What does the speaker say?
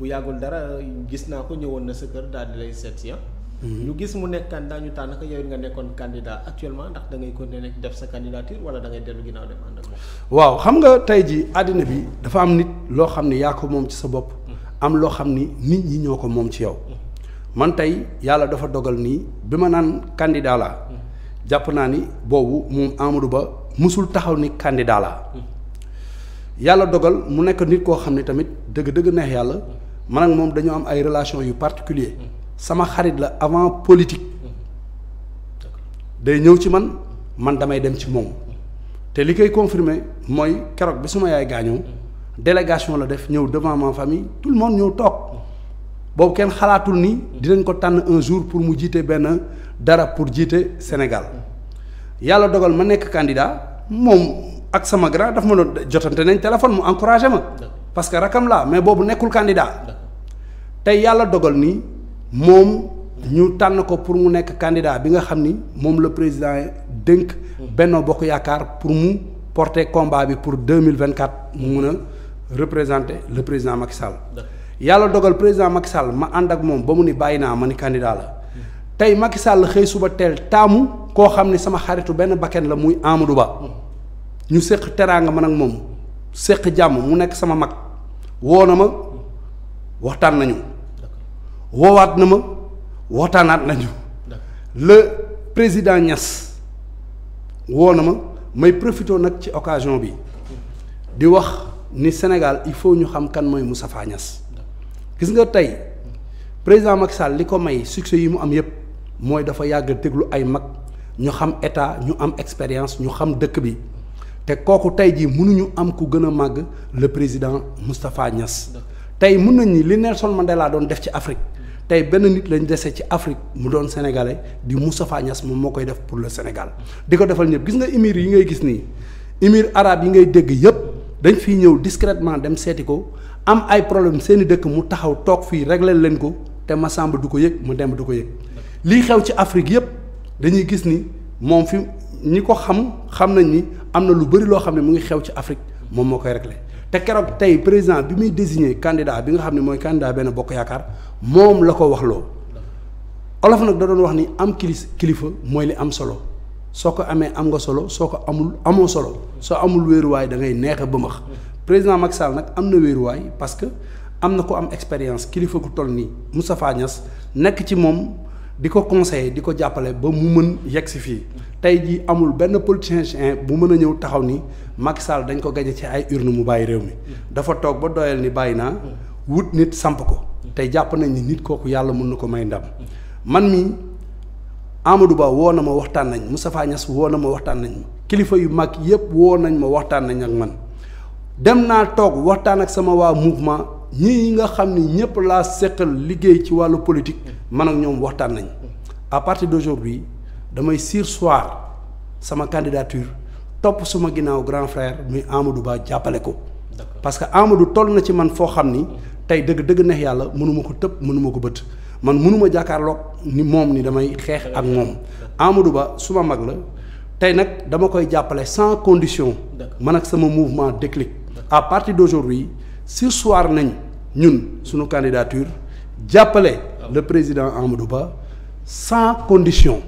bu yàggul dara gis naa ko ñëwoon na sa kër daal di lay seet si ah. mhm. ñu gis mu nekk candidat ñu tànn nga nekkoon candidat actuellement ndax da ngay continuer nekk def sa candidature wala da ngay dellu ginnaaw dem ànd waaw xam nga tey jii àddina bi dafa am nit loo xam ne yaa ko moom ci sa bopp. Mhm. am loo xam ni nit ñi ñoo ko moom ci yow. Mhm. man tey yàlla dafa dogal nii bi ma naan candidat laa. jàpp naa ni boobu moom Amadou Ba musul taxaw ni candidat laa. yàlla dogal mu nekk nit koo xam ne tamit dëgg-dëgg neex yàlla. man ak moom dañu am ay relation yu particulier sama xarit la avant politique day ñëw ci man man damay dem ci moom te li koy confirmer mooy keroog bi suma yaay gaañoo délégation la def ñëw devant ma famille tout le monde ñëw toog boobu kenn xalaatul ni dinañ ko tànn un jour pour mu jiite benn dara pour jiite Sénégal yàlla dogal ma nekk candidat moom ak sama grand daf ma doon jotante nañ téléphone mu encouragé ma parce que rakam laa mais boobu nekkul candidat tay yalla dogal ni mom ñu tan ko pour mu nek candidat bi nga xamni ni le président dënk benno bokk yakar pour mu porter combat bi pour 2024 mu meuna représenter le président Macky Sall yalla dogal président Macky Sall ma and ak mom ba mu ni bayina man candidat la tay Macky Sall xey suba tel tamu ko xamni sama xaritu ben bakken la muy Amadou Ba ñu sekk teranga man ak mom sekk jamm mu nek sama mak wonama waxtan ma nañu woowaat na ma waxtaanaat nañu le président ñas woo na ma may profité nag ci occasion bi di wax ni Sénégal il faut ñu xam kan mooy Moustapha Niass gis nga tey président Macky Sall li ko may succès yi mu am yépp mooy dafa yàgg déglu ay mag ñu xam état ñu am expérience ñu xam dëkk bi te kooku tey jii mënuñu am ku gën a màgg le président Moustapha Niass tey mun nañ ni li Nelson Mandela doon def ci Afrique tey benn nit lañ dese ci Afrique mu doon sénégalais di Moustapha Niass moom moo koy def pour le Sénégal di ko defal ñëpp gis nga émir yi ngay gis nii émir arabe yi ngay dégg yëpp dañ fiy ñëw discrètement dem seeti ko am ay problème seeni dëkk mu taxaw toog fii régler leen ko te Massamba du ko yëg mu dem du ko yëg lii xew ci Afrique yëpp dañuy gis ni moom fi ñi ko xam xam nañ ni am na lu bëri loo xam mu ngi xew ci Afrique moom moo régler kérok tay président bi désigné candidat bi nga xamni moy candidat ben bokk yakar mom la ko wax olof da doon wax ni am kilifa moy li am solo soko amé am nga solo soko amul amosolo, solo soo amul way da ngay président Macky parce que am na ko am expérience kilifa ko toll Moustapha Niass ci di ko conseiller di ko jàppale ba mu mën yegg si fii tey jii amul benn politicien bu mën a ñëw taxaw ni mag Sall dañ ko gañe ci ay urne mu bàyyi réew mi dafa toog ba doyal ni bàyyi naa wut nit samp ko tey jàpp nañ ni nit kooku yàlla mun na ko may ndam man mi Amadou Ba woo na ma waxtaan nañ Moustapha Niass woo na ma waxtaan nañ kilifa yu mag yëpp woo nañ ma waxtaan nañ ak man dem naa toog waxtaan ak sama waa mouvement ñii nga xam ni ñëpp laa seqal liggéey ci wàllu politique mm. man ak ñoom waxtaan nañ mm. à partir d'aujourd'hui damay surseoir sama candidature topp su ma ginnaaw grand frère muy Amadou Ba jàppale ko parce que Amadou toll na ci man foo xam ni mm. tey dëgg dëgg neex yàlla mënuma ko tëb mënuma ko bët man mënuma jàkkaarloog ni moom ni damay xeex ak moom Amadou Ba su ma mag la tey nag dama koy jàppale sans condition man ak sama mouvement déclic à partir d'aujourd'hui soir, nous, ñun nos candidatures, j'appelais le président Amadou sans condition